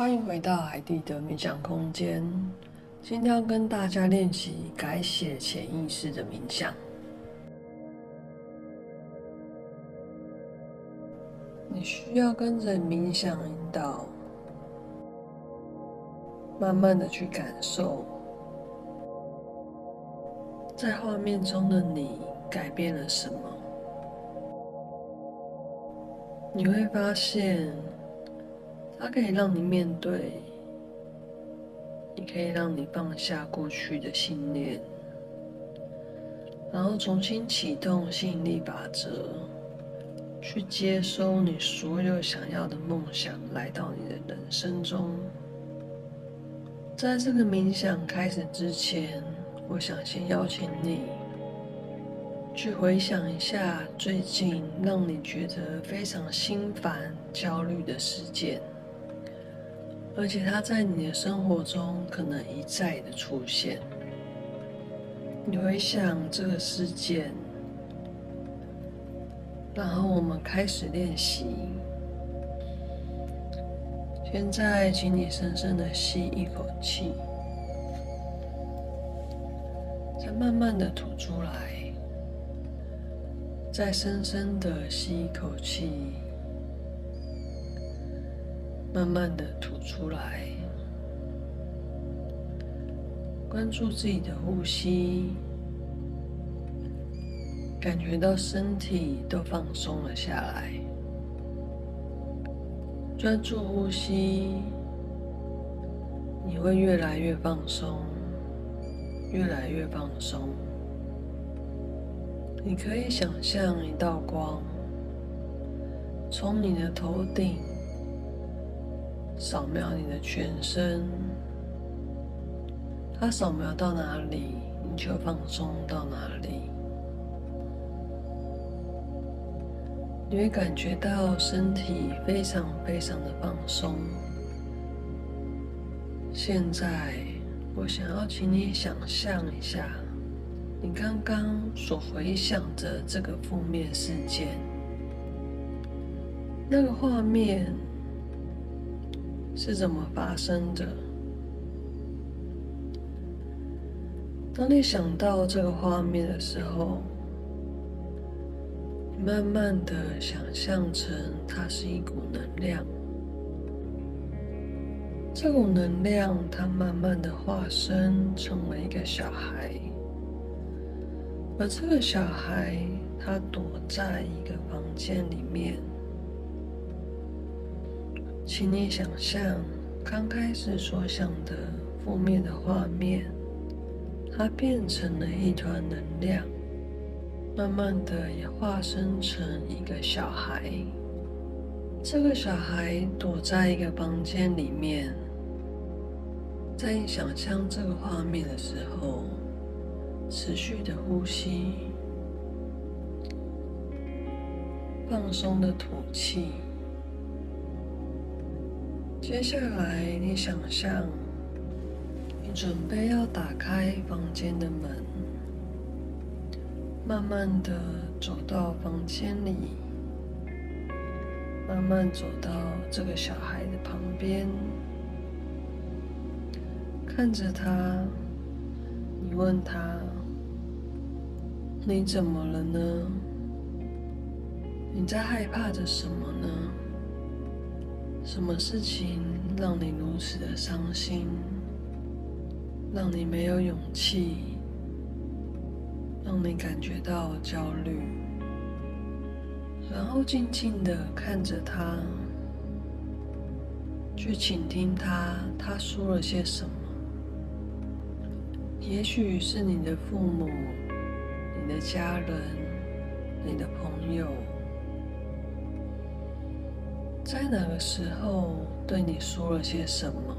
歡迎回到海地的冥想空間。今天要跟大家練習改寫潛意識的冥想。你需要跟着冥想引導，慢慢的去感受，在畫面中的你改變了什麼？你會發現。它可以讓你面對，也可以讓你放下過去的信念，然後重新啟動吸引力法則，去接收你所有想要的夢想來到你的人生中。在這個冥想開始之前，我想先邀請你去回想一下最近讓你覺得非常心煩、焦慮的事件。而且他在你的生活中可能一再的出現，你回想這個事件，然後我們開始練習。現在，請你深深的吸一口氣，再慢慢的吐出來，再深深的吸一口氣。慢慢的吐出來，關注自己的呼吸，感覺到身體都放鬆了下來。專注呼吸，你會越來越放鬆，越來越放鬆。你可以想象一道光從你的頭頂。掃描你的全身，它掃描到哪裡，你就放鬆到哪裡。你會感覺到身體非常非常的放鬆。現在，我想要請你想象一下，你剛剛所回想着這個負面事件，那個畫面。是怎麼發生的？當你想到這個畫面的時候，你慢慢的想象成它是一股能量，這股能量它慢慢的化身成為一個小孩，而這個小孩他躲在一個房間裡面。請你想象剛開始所想的負面的畫面，它變成了一團能量，慢慢的也化身成一個小孩。這個小孩躲在一個房間裡面，在你想象這個畫面的時候，持續的呼吸，放鬆的吐氣。接下來，你想象，你準備要打開房間的門，慢慢的走到房間裡，慢慢走到這個小孩的旁邊，看着他，你問他，你怎麼了呢？你在害怕着什麼呢？什麼事情讓你如此的傷心？讓你沒有勇氣？讓你感覺到焦慮？然後靜靜的看着他，去傾聽他，他說了些什麼？也許是你的父母、你的家人、你的朋友。在那個時候對你說了些什麼？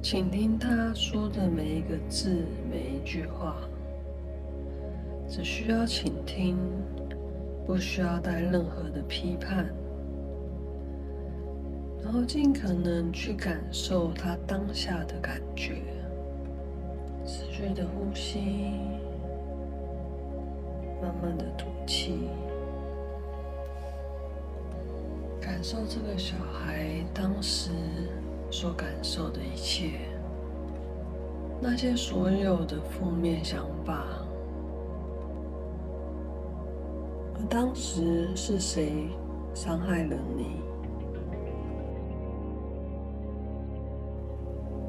請聽他說的每一個字、每一句話，只需要傾聽，不需要帶任何的批判，然後盡可能去感受他當下的感覺，持續的呼吸，慢慢的吐氣。感受這個小孩當時所感受的一切，那些所有的負面想法，當時是誰傷害了你？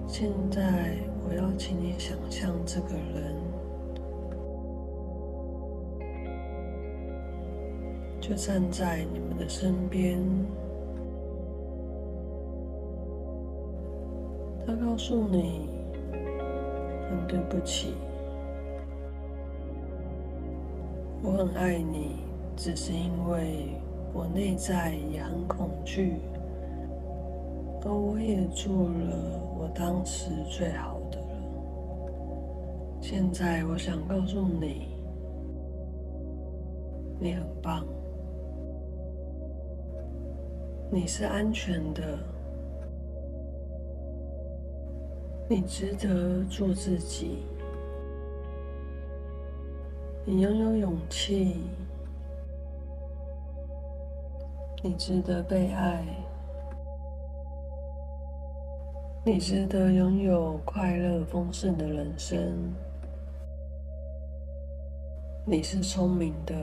現在，我要請你想象這個人就站在你們的身邊。他告訴你：“很對不起，我很愛你，只是因為我內在也很恐懼，而我也做了我當時最好的了。現在我想告訴你，你很棒，你是安全的。”你值得做自己，你擁有勇氣，你值得被愛，你值得擁有快樂豐盛的人生，你是聰明的，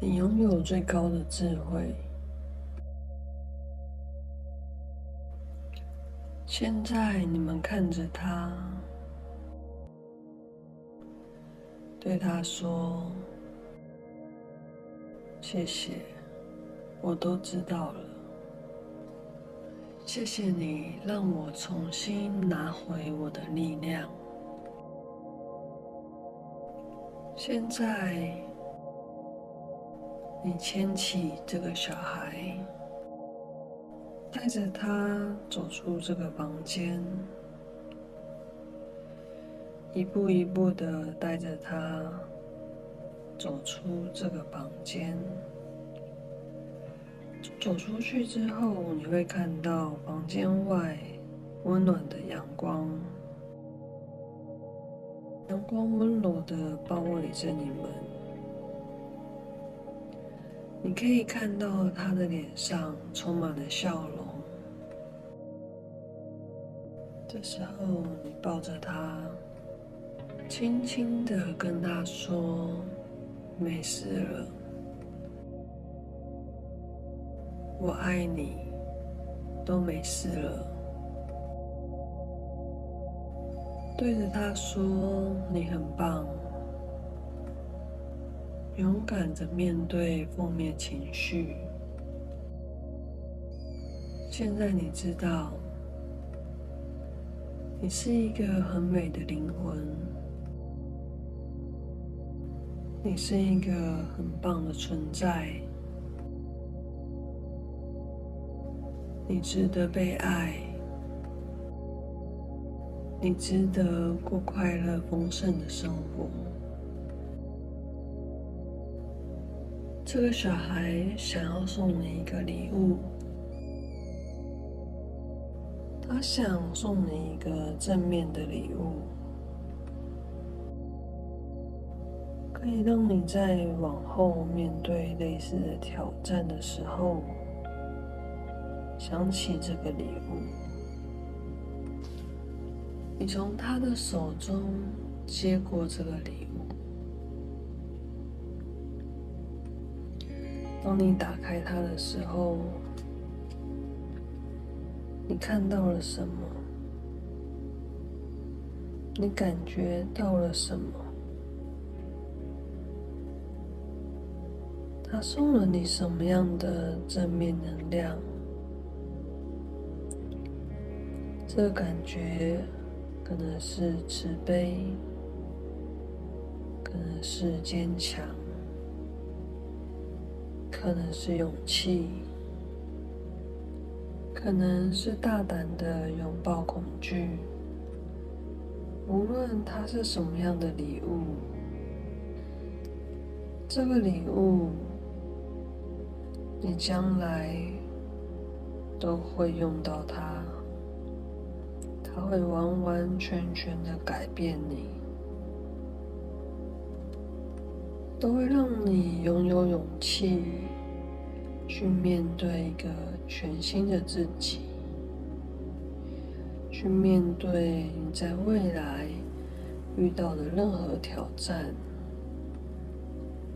你擁有最高的智慧。現在你們看着他，對他說：“謝謝，我都知道了。謝謝你讓我重新拿回我的力量。”現在你牽起這個小孩。帶着他走出這個房間，一步一步的帶着他走出這個房間。走出去之後，你會看到房間外溫暖的陽光，陽光溫柔的包圍着你們。你可以看到他的臉上充滿了笑容。這時候，你抱着他，輕輕的跟他說：“沒事了，我愛你，都沒事了。”對着他說：“你很棒。”勇敢的面對負面情緒。現在你知道，你是一個很美的靈魂，你是一個很棒的存在，你值得被愛，你值得過快樂豐盛的生活。這個小孩想要送你一個禮物，他想送你一個正面的禮物，可以讓你在往後面對類似的挑戰的時候，想起這個禮物。你從他的手中接過這個禮物。當你打開它的時候，你看到了什麼？你感覺到了什麼？它送了你什麼樣的正面能量？這感覺可能是慈悲，可能是堅強。可能是勇氣，可能是大膽的擁抱恐懼。無論它是什麼樣的禮物，這個禮物你將來都會用到它，它會完完全全的改變你，都會讓你擁有勇氣。去面對一個全新的自己，去面對你在未來遇到的任何挑戰。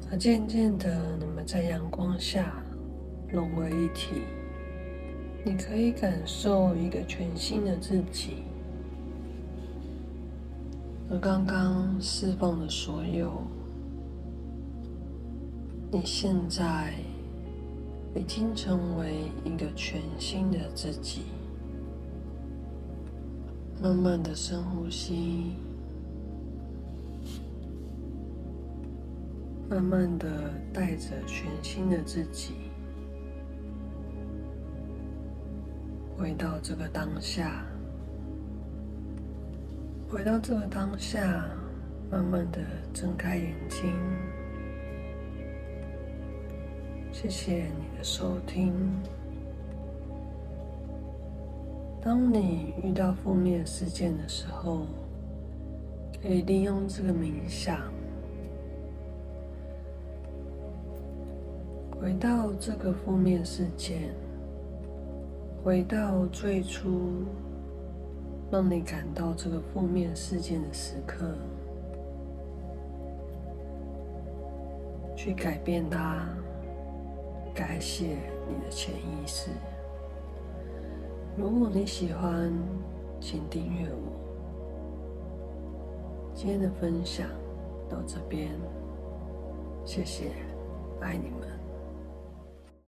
而漸漸的，你們在陽光下融為一體，你可以感受一個全新的自己，和剛剛釋放的所有。你現在。已經成為一個全新的自己。慢慢的深呼吸，慢慢的帶着全新的自己回到這個當下，回到這個當下，慢慢的睜開眼睛。謝謝你的收聽。當你遇到負面事件的時候，可以利用這個冥想，回到這個負面事件，回到最初讓你感到這個負面事件的時刻，去改變它。感謝你的潛意識。如果你喜歡，請訂閱我。今天的分享到這邊，謝謝，愛你們。